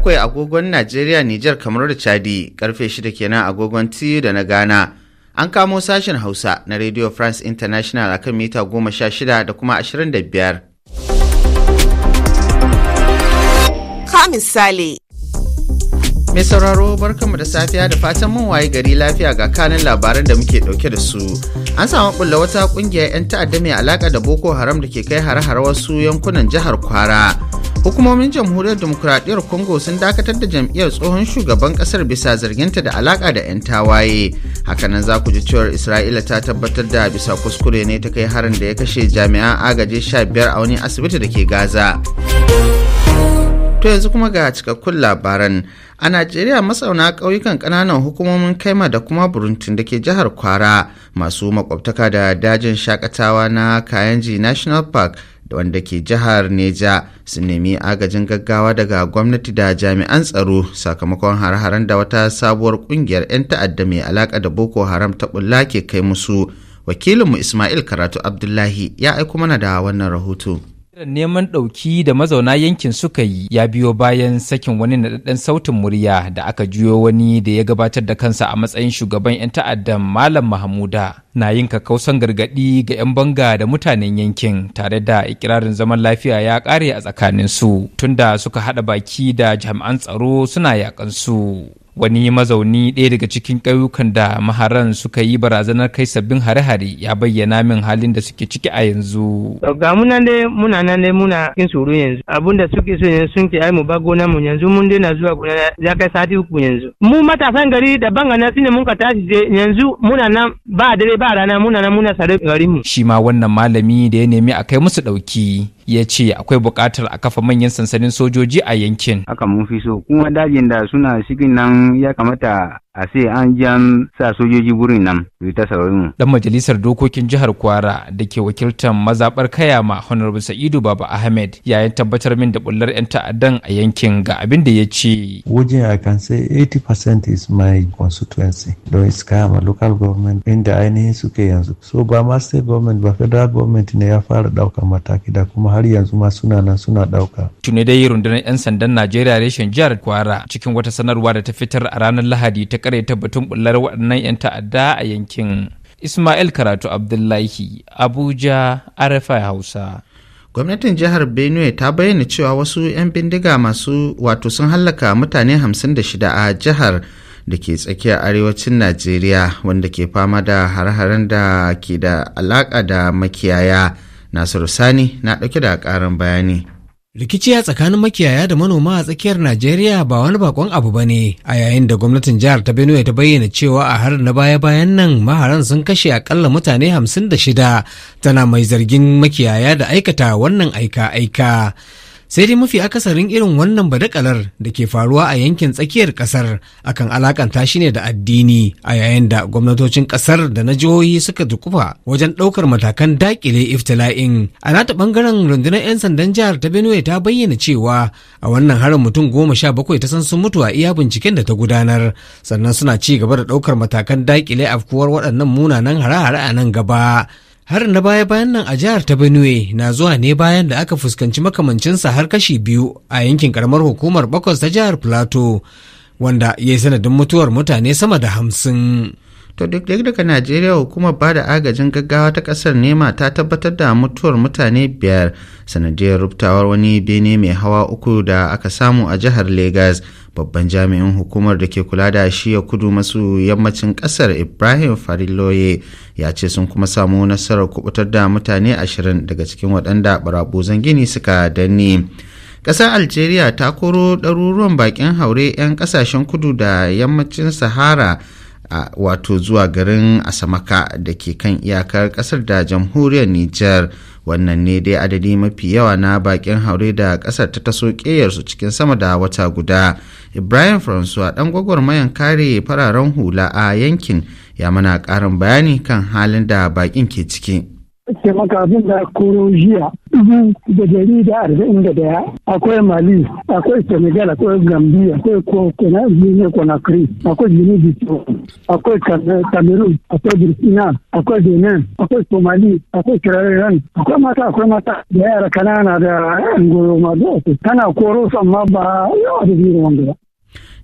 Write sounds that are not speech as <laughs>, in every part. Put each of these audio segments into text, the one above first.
bakwai agogon Najeriya, Nijar, kamar da Chadi, karfe shida kenan agogon Tiyu da na Ghana. An kamo sashen Hausa na Radio France International akan mita goma sha shida da kuma ashirin da biyar. Ka misali. Mai sauraro barkanmu da safiya da fatan mun waye gari lafiya ga kanin labaran da muke dauke da su. An samu bulla wata kungiyar 'yan ta'adda mai alaka da Boko Haram da ke kai hare-hare wasu yankunan jihar Kwara. hukumomin jamhuriyar demokuraɗiyyar congo sun dakatar da jam'iyyar tsohon shugaban ƙasar bisa zarginta da alaƙa da 'yan tawaye hakanan za ku ji cewar isra'ila ta tabbatar da bisa kuskure ne ta kai harin da ya kashe jami'an agaji sha biyar a wani asibiti da ke gaza to yanzu kuma ga cikakkun labaran a najeriya masauna ƙauyukan ƙananan hukumomin kaima da kuma buruntun da ke jihar kwara masu makwabtaka da dajin shakatawa na kayanji national park da wanda ke jihar neja sun nemi agajin gaggawa daga gwamnati da jami'an tsaro sakamakon har-haren da wata sabuwar kungiyar 'yan ta'adda mai alaka da boko haram ta bulla ke kai musu wakilinmu ismail karatu abdullahi ya aiko mana da wannan rahoto neman ɗauki da mazauna yankin suka yi ya biyo bayan sakin wani naɗaɗɗen sautin murya da aka juyo wani da ya gabatar da kansa a matsayin shugaban 'yan ta'addan malam Mahmuda, na yin kakausan gargaɗi ga 'yan banga da mutanen yankin tare da ikirarin zaman lafiya ya ƙare a tsakaninsu tunda suka haɗa baki da jami'an tsaro suna yaƙansu. wani mazauni ɗaya daga cikin ƙauyukan da maharan suka yi barazanar kai sabbin hare-hare ya bayyana min halin da suke ciki a yanzu. ga muna ne muna nan ne muna cikin tsoro yanzu abun da suke so yanzu sun ke ai mu ba gona mu yanzu mun daina zuwa gona ya kai sati uku yanzu. mu matasan gari da bangana su ne mun ka tashi yanzu muna nan ba dare ba rana muna nan muna sare garin mu. shi ma wannan malami da ya nemi a kai musu ɗauki ya ce akwai buƙatar a kafa manyan sansanin sojoji a yankin haka mun fi so kuma dajin da suna cikin nan ya kamata a sai an jan sa sojoji wurin nan su ta Dan majalisar dokokin jihar Kwara da ke wakiltar mazabar Kayama Honorable Sa'idu Baba Ahmed yayin tabbatar min da bullar 'yan ta'addan a yankin ga abin da ya ce. Wajen I can say 80% is my constituency don is Kayama local government inda ainihin suke yanzu. So ba ma state government ba federal government ne ya fara ɗaukar mataki da kuma har yanzu ma suna nan suna ɗauka. Tune dai rundunar 'yan sandan Najeriya reshen jihar Kwara cikin wata sanarwa da ta fitar a ranar Lahadi ta karyata batun bullar waɗannan 'yan ta'adda a yankin. Ismail Karatu Abdullahi, Abuja, RFI Hausa. Gwamnatin jihar Benue ta bayyana cewa wasu 'yan bindiga masu wato sun hallaka mutane 56 a jihar da ke tsakiya arewacin Najeriya wanda ke fama da har-haren da ke da alaƙa da makiyaya. Nasiru Sani na ɗauke da ƙarin bayani. Rikici a tsakanin makiyaya da manoma a tsakiyar Najeriya ba wani bakon abu ba ne a yayin da gwamnatin jihar ta Benue ta bayyana cewa a harin na baya-bayan nan maharan sun kashe akalla mutane hamsin da shida tana mai zargin makiyaya da aikata wannan aika-aika. sai dai mafi akasarin irin wannan badakalar da ke faruwa a yankin tsakiyar kasar akan alakanta shi ne da addini a yayin da gwamnatocin kasar da na jihohi suka dukufa wajen ɗaukar matakan dakile iftila'in a nata ɓangaren rundunar 'yan sandan jihar ta benue ta bayyana cewa a wannan harin mutum goma sha bakwai ta san sun mutu a iya binciken da ta gudanar sannan suna ci gaba da ɗaukar matakan dakile afkuwar waɗannan munanan hare-hare a nan gaba har na baya-bayan nan a jihar ta Benue na zuwa ne bayan da aka fuskanci makamancinsa har kashi biyu a yankin karamar hukumar bakwas ta jihar Plateau, wanda ya yi sanadin mutuwar mutane sama da hamsin. to duk daga najeriya hukumar ba da agajin gaggawa ta kasar nema ta tabbatar da mutuwar mutane biyar sanadiyar rubtawar wani bene mai hawa uku da aka samu a jihar Legas. babban jami'in hukumar da ke kula da shi ya kudu masu yammacin kasar ibrahim fariloye ya ce sun kuma samu nasarar kubutar da mutane ashirin daga cikin waɗanda barabuzan gini suka danne ƙasar algeria ta koro ɗaruruwan baƙin haure 'yan ƙasashen kudu da yammacin sahara wato zuwa garin asamaka da ke kan iyakar kasar da jamhuriyar niger wannan ne dai adadi mafi yawa na bakin haure da kasar ta taso su cikin sama da wata guda ibrahim francois dan gwagwarmayan kare fararen hula a yankin ya mana karin bayani kan halin da bakin ke ciki taimakafin da koro jiya dubu da dari da arba'in da daya akwai mali akwai senegal akwai gambia akwai guinea conakry akwai guinea bissau akwai cameroon akwai burkina akwai benin akwai somali akwai kirarren akwai mata akwai mata da yara kanana da angolo ma da kana koro su ma ba yawa da biyu wanda ba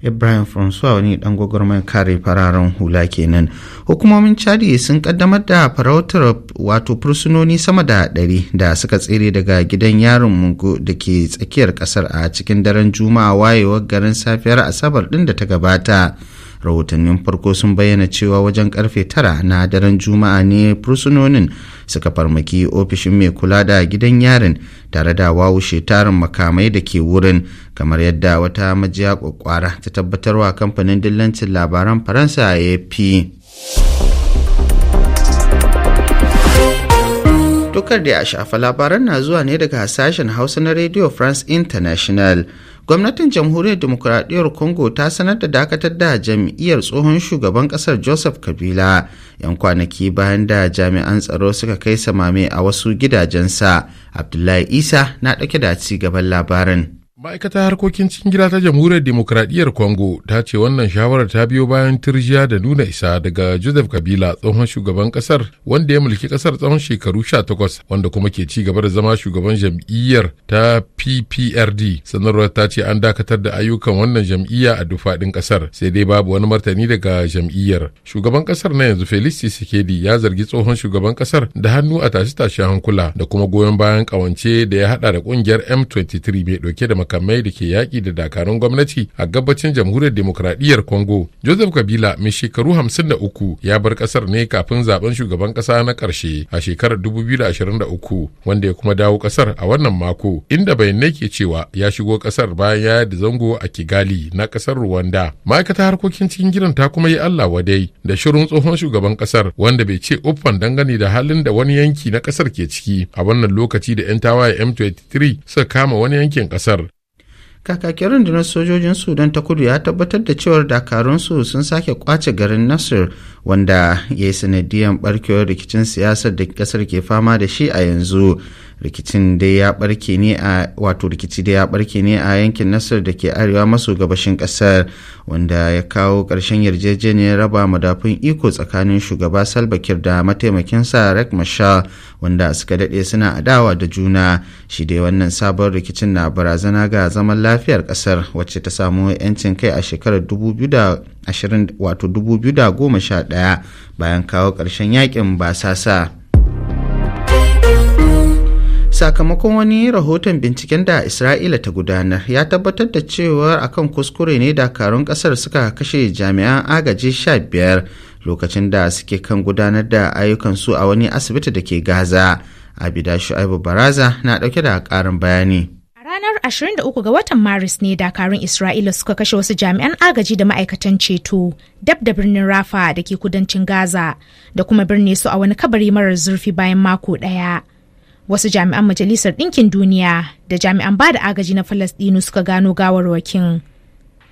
ibrahim francois wani dan gwagwarmayar kare fararen hula kenan hukumomin chadi sun kaddamar da farautar wato fursunoni sama da ɗari da suka tsere daga gidan yarin mungo da ke tsakiyar kasar a cikin daren juma'a wayewar garin safiyar asabar ɗin da ta gabata rahotannin farko sun bayyana cewa wajen karfe tara na daren juma'a ne fursunonin suka farmaki ofishin mai kula da gidan yarin tare da wawushe tarin makamai da ke wurin kamar yadda wata majiya kwakwara ta tabbatarwa kamfanin dillancin labaran faransa afp Dokar da ya shafa labaran na zuwa ne daga hasashen Hausa na Radio France International. Gwamnatin Jamhuriyar Demokuraɗiyyar Congo ta sanar da dakatar da jam'iyyar tsohon shugaban ƙasar Joseph Kabila 'yan kwanaki bayan da jami'an tsaro suka kai samame a wasu gidajensa. Abdullahi Isa na ɗauke da ci gaban labarin. ma'aikatar harkokin cikin gida ta jamhuriyar demokradiyyar congo ta ce wannan shawarar ta biyo bayan turjiya da nuna isa daga joseph kabila tsohon shugaban kasar wanda ya mulki kasar tsawon shekaru 18 wanda kuma ke ci gaba da zama shugaban jam'iyyar ta pprd sanarwar ta ce an dakatar da ayyukan wannan jam'iyya a dufaɗin kasar sai dai babu wani martani daga jam'iyyar shugaban kasar na yanzu felix tshisekedi ya zargi tsohon shugaban kasar da hannu a tashe-tashen hankula da kuma goyon bayan kawance da ya haɗa da kungiyar m23 mai dauke da makamai da ke yaƙi da dakarun gwamnati a gabacin jamhuriyar demokradiyyar congo joseph kabila mai shekaru hamsin 53 ya bar ƙasar ne kafin zaben shugaban ƙasa na ƙarshe a shekarar 2023 wanda ya kuma dawo ƙasar a wannan mako inda bayanai ke cewa ya shigo ƙasar bayan ya yadda zango a kigali na ƙasar rwanda ma'aikata harkokin cikin gidan ta kuma yi allah wadai da shirin tsohon shugaban ƙasar wanda bai ce uffan dangane da halin da wani yanki na ƙasar ke ciki a wannan lokaci da 'yan tawaye m23 suka kama wani yankin ƙasar kakakin rundunar sojojin sudan ta kudu ya tabbatar da cewar dakarunsu sun sake kwace garin nasir wanda ya yi sanadiyar barkewar rikicin siyasar da kasar ke fama da shi a yanzu rikicin da ya barke ne a wato rikici da ya barke ne a yankin nasar da ke arewa maso gabashin kasar wanda ya kawo ƙarshen yarjejeniyar raba madafun iko tsakanin shugaba salbakir kiir da mataimakinsa rek mashal wanda suka daɗe suna adawa da juna shi dai wannan sabon rikicin na barazana ga zaman lafiyar kasar wacce ta samu 'yancin kai a shekarar 2011 bayan kawo ƙarshen yakin basasa. sakamakon wani rahoton binciken da isra'ila ta gudanar ya tabbatar da cewa akan kuskure ne dakarun kasar suka kashe jami'an agaji 15 lokacin da suke kan gudanar da ayyukansu a wani asibiti da ke gaza abida shu'aibu baraza na dauke da karin bayani ranar 23 ga watan maris ne dakarun isra'ila suka kashe wasu jami'an agaji da ma'aikatan ceto dab da birnin rafa da ke kudancin gaza da kuma birne su a wani kabari marar zurfi bayan mako daya wasu jami'an majalisar ɗinkin duniya da jami'an ba da agaji na falasɗinu suka gano gawarwakin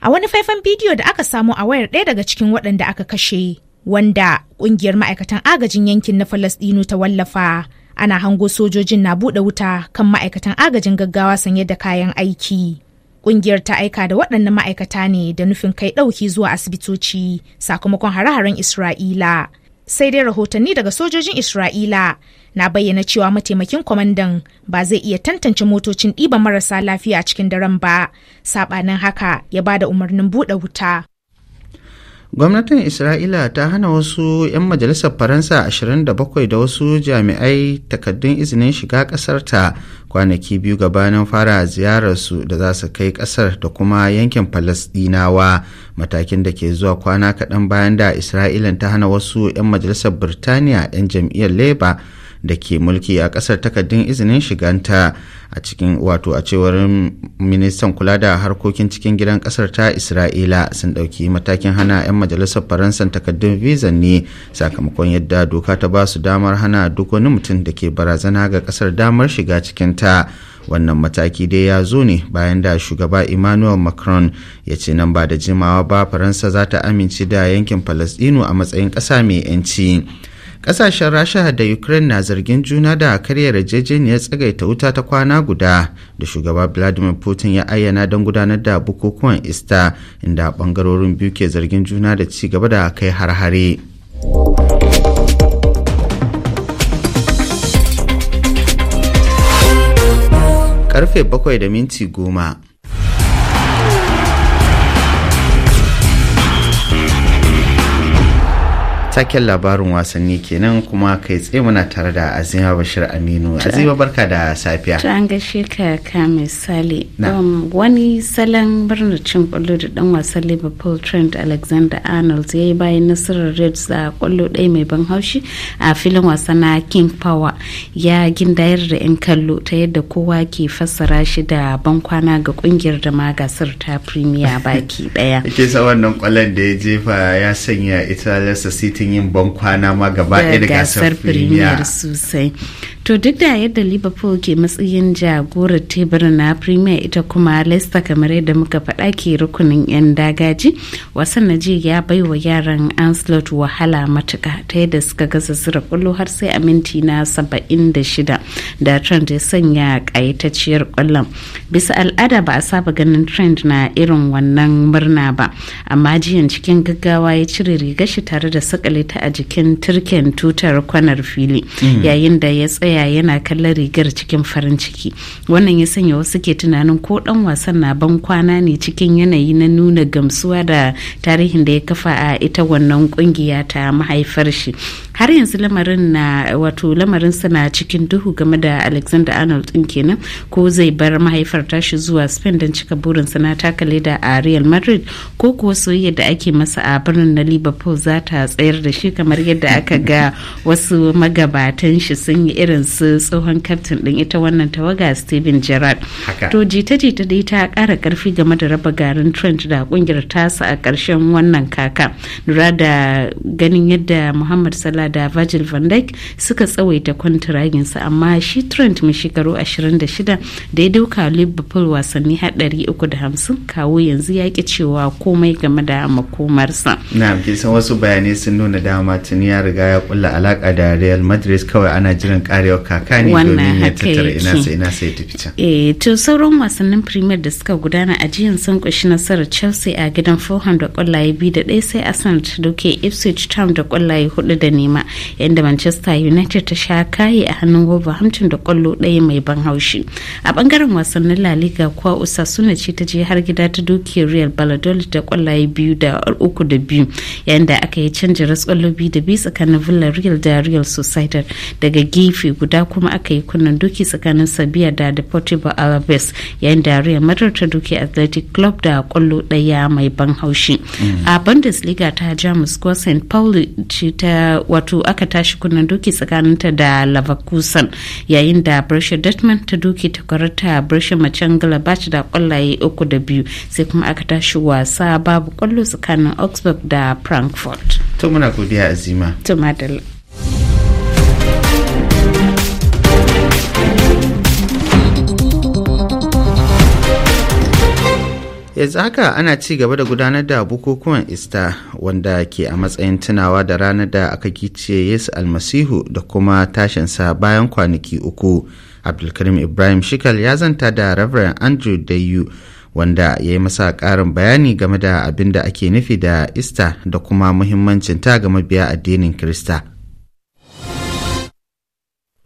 a wani faifan bidiyo da aka samu a wayar ɗaya daga cikin waɗanda aka kashe wanda ƙungiyar ma'aikatan agajin yankin na falasɗinu ta wallafa ana hango sojojin na buɗe wuta kan ma'aikatan agajin gaggawa sanye da kayan aiki ƙungiyar ta aika da waɗannan ma'aikata ne da nufin kai ɗauki zuwa asibitoci sakamakon hare-haren isra'ila sai dai rahotanni daga sojojin isra'ila na bayyana cewa mataimakin kwamandan ba zai iya tantance motocin ɗiba marasa lafiya a cikin daren ba saɓanin haka ya ba da umarnin buɗe wuta gwamnatin isra'ila ta hana wasu 'yan majalisar faransa 27 da wasu jami'ai takaddun izinin shiga ta kwanaki biyu gabanin fara ziyararsu da za su kai ƙasar da kuma yankin falasdinawa matakin da ke zuwa kwana kaɗan bayan da isra'ila ta hana wasu 'yan majalisar birtaniya 'yan jam'iyyar labour da ke mulki a kasar takardun izinin shiganta a cikin wato a cewar ministan kula da harkokin cikin gidan kasar ta isra'ila sun ɗauki matakin hana 'yan majalisar faransan takardun vizan ne sakamakon yadda doka ta ba su damar hana duk wani mutum da ke barazana ga kasar damar shiga cikin ta wannan mataki dai ya zo ne bayan da shugaba emmanuel macron ya ce nan ba da jimawa ba faransa za ta amince da yankin palestino a matsayin ƙasa mai 'yanci. kasashen Rasha da Ukraine na zargin juna da karya yarjejeniyar tsagaita wuta ta kwana guda da shugaba Vladimir Putin ya ayyana don gudanar da bukukuwan ista inda ɓangarorin biyu ke zargin juna da ci gaba da kai har-hare. Karfe bakwai da minti goma taken labarin wasanni kenan kuma kai tsaye muna tare da azima bashir aminu azima barka da safiya ta an gaishe ka ka misali um, wani salon birnin cin kwallo da dan wasan liverpool trent alexander arnold ya yi bayan nasarar reds a kwallo ɗaya mai ban haushi a filin wasa na king power ya gindayar da yan kallo ta yadda kowa ke fassara shi da ban kwana ga kungiyar da ma gasar ta premier baki <laughs> daya. ke sa wannan kwallon da ya jefa ya sanya ita lasa City lokacin yin kwana ma gaba ɗaya da gasar premier sosai to duk da yadda liverpool ke matsayin jagorar teburin na premier ita kuma leicester kamar yadda muka faɗa ke rukunin 'yan dagaji wasan na ya bai wa yaran anslot wahala matuka ta yadda suka gasa zira kwallo har sai a minti na saba'in da shida da trend ya sanya ƙayatacciyar kwallon bisa al'ada ba a saba ganin trend na irin wannan murna ba amma jiyan cikin gaggawa ya cire rigar shi tare da sakal makale a jikin turken tutar kwanar fili mm. yayin da ya tsaya yana kallon rigar cikin farin ciki wannan ya sanya wasu ke tunanin ko dan wasan na ban kwana ne cikin yanayi na nuna gamsuwa da tarihin da ya kafa a ita wannan kungiya ta mahaifar shi har yanzu lamarin na wato lamarin na cikin duhu game da alexander arnold din kenan ko zai bar mahaifar tashi zuwa spain don cika burinsa na taka leda a real madrid ko kuwa soyayya da ake masa a birnin na liverpool za ta tsayar da shi kamar yadda aka ga wasu magabatan shi sun yi irin su tsohon kaftin din ita wannan tawaga steven gerrard to jita-jita dai ta kara karfi game da raba garin trent da kungiyar tasa a karshen wannan kaka lura da ganin yadda muhammad salah da virgil van dijk suka tsawaita kwantiraginsa amma shi trent mai shekaru 26 da ya dauka liverpool wasanni hadari 350 kawo yanzu ya ki cewa komai game da makomarsa na kisan wasu bayanai sun nuna wanda dama tuni ya riga ya kulla alaka da Real Madrid kawai ana jiran karewar kaka ne domin ya tattara ina sai ina sai ta Eh to sauran wasannin Premier da suka gudana a jiyan sun kushi nasarar Chelsea a gidan 400 da kwallaye biyu da ɗaya sai Arsenal ta doke Ipswich Town da kwallaye hudu da nema yadda Manchester United ta sha kayi a hannun Wolverhampton da kwallo ɗaya mai ban haushi. A bangaren wasannin La Liga kuwa Osasuna ce ta je har gida ta doke Real Valladolid da kwallaye biyu da uku da biyu yayin da aka yi canjin kwallo biyu da biyu tsakanin real da real society daga gefe guda kuma aka yi kunnen doki tsakanin sabia da deportivo alaves yayin da real madrid ta doki athletic club da kwallo daya mai ban haushi mm. a bundesliga ta jamus ko st pauli ce ta wato aka tashi kunnen doki tsakaninta da leverkusen yayin da borussia dortmund ta doki takwarata borussia mönchengladbach da kwallaye uku da biyu sai kuma aka tashi wasa babu kwallo tsakanin augsburg da frankfurt to muna godiya azima yanzu haka ana ci gaba da gudanar da bukukuwan ista wanda ke a matsayin tunawa da ranar da aka gice yesu almasihu da kuma tashinsa bayan kwanaki uku abdulkarim ibrahim shikal ya zanta da reverend andrew dayu wanda ya yi masa ƙarin bayani game da abin da ake nufi da ista da kuma muhimmancin ta ga mabiya addinin Kirista.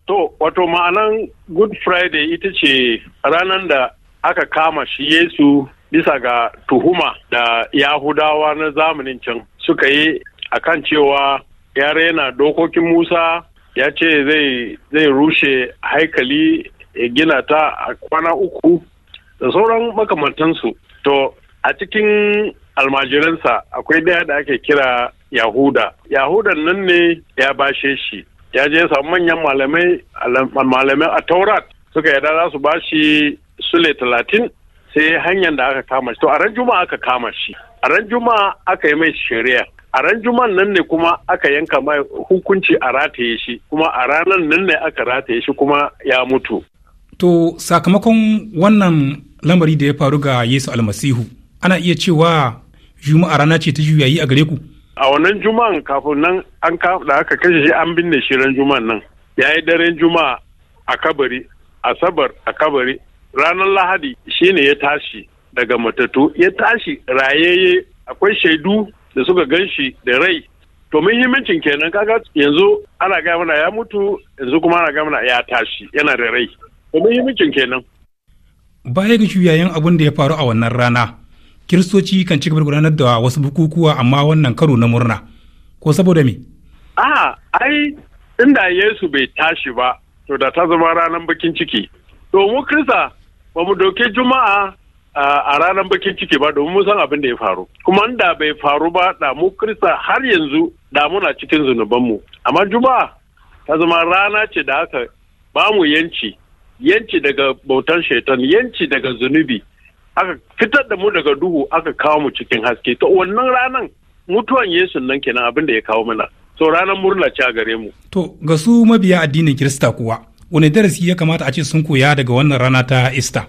To, wato ma'anan Good Friday ita ce ranar da aka kama shi Yesu bisa ga tuhuma da Yahudawa na zamanin can suka yi a kan cewa ya yana dokokin Musa ya ce zai rushe haikali ya gina ta a kwana uku da sauran makamantansu to a cikin almajiransa akwai daya da ake kira yahuda yahudan nan ne ya bashe shi ya je samu manyan malamai a taurat suka yarda za su bashi sule talatin sai hanyar da aka kama shi to a ran juma'a aka kama shi a ran juma aka yi mai shari'a a ran juma'an nan ne kuma aka yanka mai hukunci a rataye shi kuma a ranar nan ne aka rataye shi kuma ya mutu to sakamakon wannan lamari da ya faru ga Yesu almasihu ana iya cewa juma'a rana ce ta juyayi a gare ku a wannan juma'an kafin nan an da aka kashe shi an binne shi ran juma'an nan yayi daren juma'a a kabari asabar a kabari ranar lahadi shine ya tashi daga matatu ya tashi rayaye akwai shaidu da suka ganshi da rai to muhimmancin kenan kaga yanzu ana gaya mana ya mutu yanzu kuma ana gaya mana ya tashi yana da rai to muhimmancin kenan baya ga shuyayen abin da ya faru a wannan rana kiristoci kan ci gaba da gudanar da wasu bukukuwa amma wannan karo na murna ko saboda me a ah, ai inda yesu bai tashi ba to da ta zama ranar bakin ciki to mu krista ba mu doke juma'a a ranar bakin ciki ba domin mun san abin da ya faru kuma inda bai faru ba da mu krista har yanzu da muna cikin zunubanmu amma juma'a ta zama rana ce da aka ba mu yanci yanci daga bautan shaitan yanci daga zunubi aka fitar da mu daga duhu aka kawo mu cikin haske to wannan ranan mutuwan yesu nan kenan abin da ya kawo mana so ranar murna ce a gare mu to ga su mabiya addinin kirista kuwa wani darasi ya kamata a ce sun koya daga wannan rana ta ista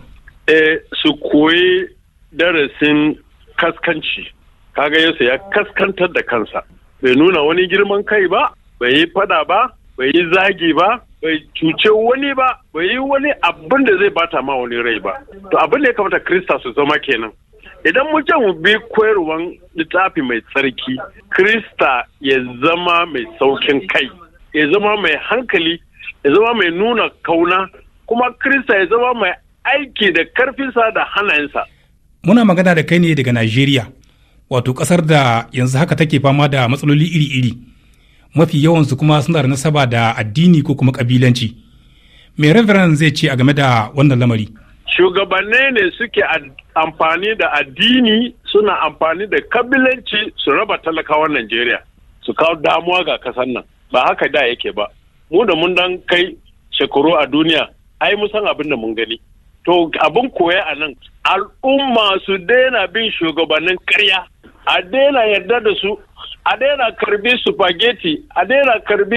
eh su koyi darasin kaskanci kaga yesu ya kaskantar da kansa bai nuna wani girman kai ba bai yi fada ba bai yi zagi ba bai cuce wani ba bai yi wani abin da zai bata ma wani rai ba to abin da ya kamata krista su zama kenan idan muke mu bi koyarwan littafi mai tsarki krista ya zama mai saukin kai ya zama mai hankali ya zama mai nuna kauna kuma krista ya zama mai aiki da karfinsa da hannayensa muna magana da kai ne daga najeriya wato kasar da yanzu haka take fama da matsaloli iri-iri mafi yawansu kuma suna da nasaba da addini ko kuma kabilanci me reverend zai ce a game da wannan lamari shugabanni ne suke amfani da addini suna amfani da kabilanci su raba talakawan najeriya su kawo damuwa ga kasan nan ba haka da yake ba mu da mun dan kai shekaru a duniya ai mu san abin da mun gani to abin koya a nan al'umma su daina bin shugabannin karya a daina yarda da su a daina karbi spaghetti a daina karbi